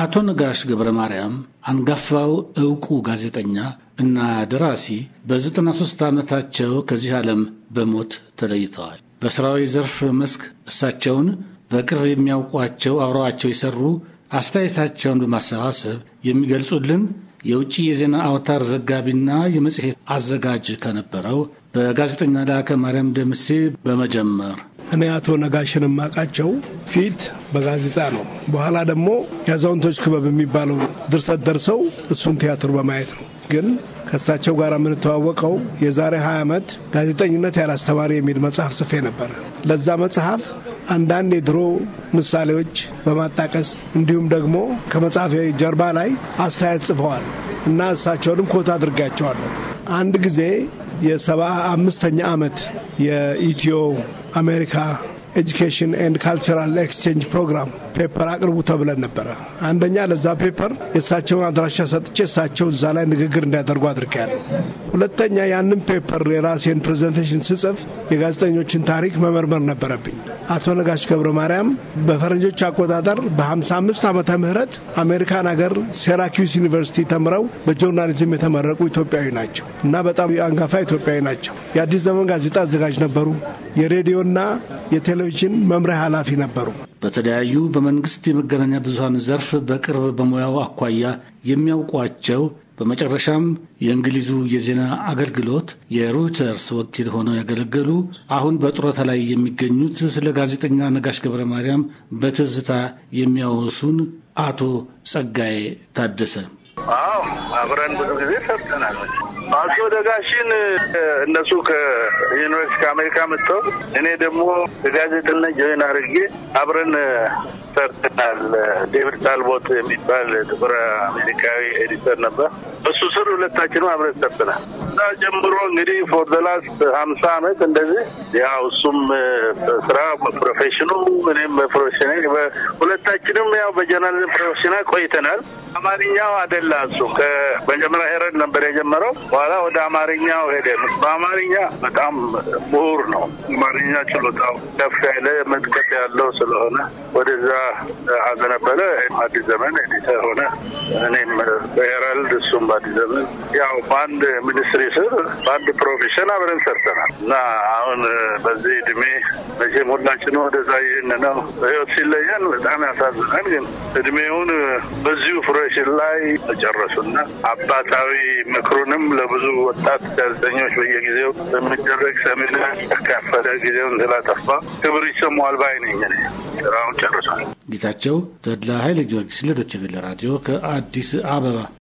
አቶ ነጋሽ ገብረ ማርያም አንጋፋው ዕውቁ ጋዜጠኛ እና ደራሲ በ93 ዓመታቸው ከዚህ ዓለም በሞት ተለይተዋል። በሥራዊ ዘርፍ መስክ እሳቸውን በቅርብ የሚያውቋቸው አብረዋቸው የሠሩ አስተያየታቸውን በማሰባሰብ የሚገልጹልን የውጭ የዜና አውታር ዘጋቢና የመጽሔት አዘጋጅ ከነበረው በጋዜጠኛ ላከ ማርያም ደምሴ በመጀመር እኔ አቶ ነጋሽን ማቃቸው ፊት በጋዜጣ ነው። በኋላ ደግሞ የአዛውንቶች ክበብ የሚባለው ድርሰት ደርሰው እሱን ቲያትር በማየት ነው። ግን ከእሳቸው ጋር የምንተዋወቀው የዛሬ 20 ዓመት ጋዜጠኝነት ያላስተማሪ የሚል መጽሐፍ ጽፌ ነበረ። ለዛ መጽሐፍ አንዳንድ የድሮ ምሳሌዎች በማጣቀስ እንዲሁም ደግሞ ከመጽሐፍ ጀርባ ላይ አስተያየት ጽፈዋል እና እሳቸውንም ኮታ አድርጋቸዋለሁ። አንድ ጊዜ የሰባ አምስተኛ ዓመት የኢትዮ አሜሪካ ኤጁኬሽን ኤንድ ካልቸራል ኤክስቼንጅ ፕሮግራም ፔፐር አቅርቡ ተብለን ነበረ። አንደኛ ለዛ ፔፐር የእሳቸውን አድራሻ ሰጥቼ እሳቸው እዛ ላይ ንግግር እንዲያደርጉ አድርጌያለሁ። ሁለተኛ ያንን ፔፐር የራሴን ፕሬዘንቴሽን ስጽፍ የጋዜጠኞችን ታሪክ መመርመር ነበረብኝ። አቶ ነጋሽ ገብረ ማርያም በፈረንጆች አቆጣጠር በ55 ዓመተ ምህረት አሜሪካን ሀገር ሴራኪዩስ ዩኒቨርሲቲ ተምረው በጆርናሊዝም የተመረቁ ኢትዮጵያዊ ናቸው እና በጣም አንጋፋ ኢትዮጵያዊ ናቸው። የአዲስ ዘመን ጋዜጣ አዘጋጅ ነበሩ። የሬዲዮና የቴሌቪዥን መምሪያ ኃላፊ ነበሩ። በተለያዩ በመንግስት የመገናኛ ብዙሀን ዘርፍ በቅርብ በሙያው አኳያ የሚያውቋቸው በመጨረሻም የእንግሊዙ የዜና አገልግሎት የሮይተርስ ወኪል ሆነው ያገለገሉ አሁን በጡረታ ላይ የሚገኙት ስለ ጋዜጠኛ ነጋሽ ገብረ ማርያም በትዝታ የሚያወሱን አቶ ጸጋዬ ታደሰ አብረን ብዙ ጊዜ ሰርተናል አቶ ደጋሽን እነሱ ከዩኒቨርሲቲ ከአሜሪካ መጥተው እኔ ደግሞ ጋዜጠኛ ጆይን አድርጌ አብረን ሰርተናል። ዴቪድ ታልቦት የሚባል ጥቁር አሜሪካዊ ኤዲተር ነበር። እሱ ስር ሁለታችንም አብረን ሰርተናል። እዛ ጀምሮ እንግዲህ ፎር ዘ ላስት ሀምሳ አመት እንደዚህ ያው እሱም ስራ ፕሮፌሽኑ እኔም በፕሮፌሽናል ሁለታችንም ያው በጀነራል ፕሮፌሽናል ቆይተናል። አማርኛው አደላ እሱ ከመጀመሪያ ሄረን ነበር የጀመረው፣ በኋላ ወደ አማርኛው ሄደ። በአማርኛ በጣም ምሁር ነው። አማርኛ ችሎታው ከፍ ያለ መጥቀት ያለው ስለሆነ ወደዛ አዘነበለ አዲስ ዘመን ኤዲተር ሆነ። እኔም በሄራልድ እሱም ይዘን ያው በአንድ ሚኒስትሪ ስር በአንድ ፕሮፌሽን አብረን ሰርተናል እና አሁን በዚህ እድሜ መቼም ሁላችንም ወደዛ ይህን ነው ህይወት ሲለየን በጣም ያሳዝናል። ግን እድሜውን በዚሁ ፕሮፌሽን ላይ መጨረሱና አባታዊ ምክሩንም ለብዙ ወጣት ጋዜጠኞች በየጊዜው በሚደረግ ሰሚናር ያካፈለ ጊዜውን ስላጠፋ ክብር ይሰማዋል ባይ ነኝ። ስራውን ጨርሷል። ጌታቸው ተድላ ኃይለ ጊዮርጊስ ለዶይቼ ቬለ ራዲዮ ከአዲስ አበባ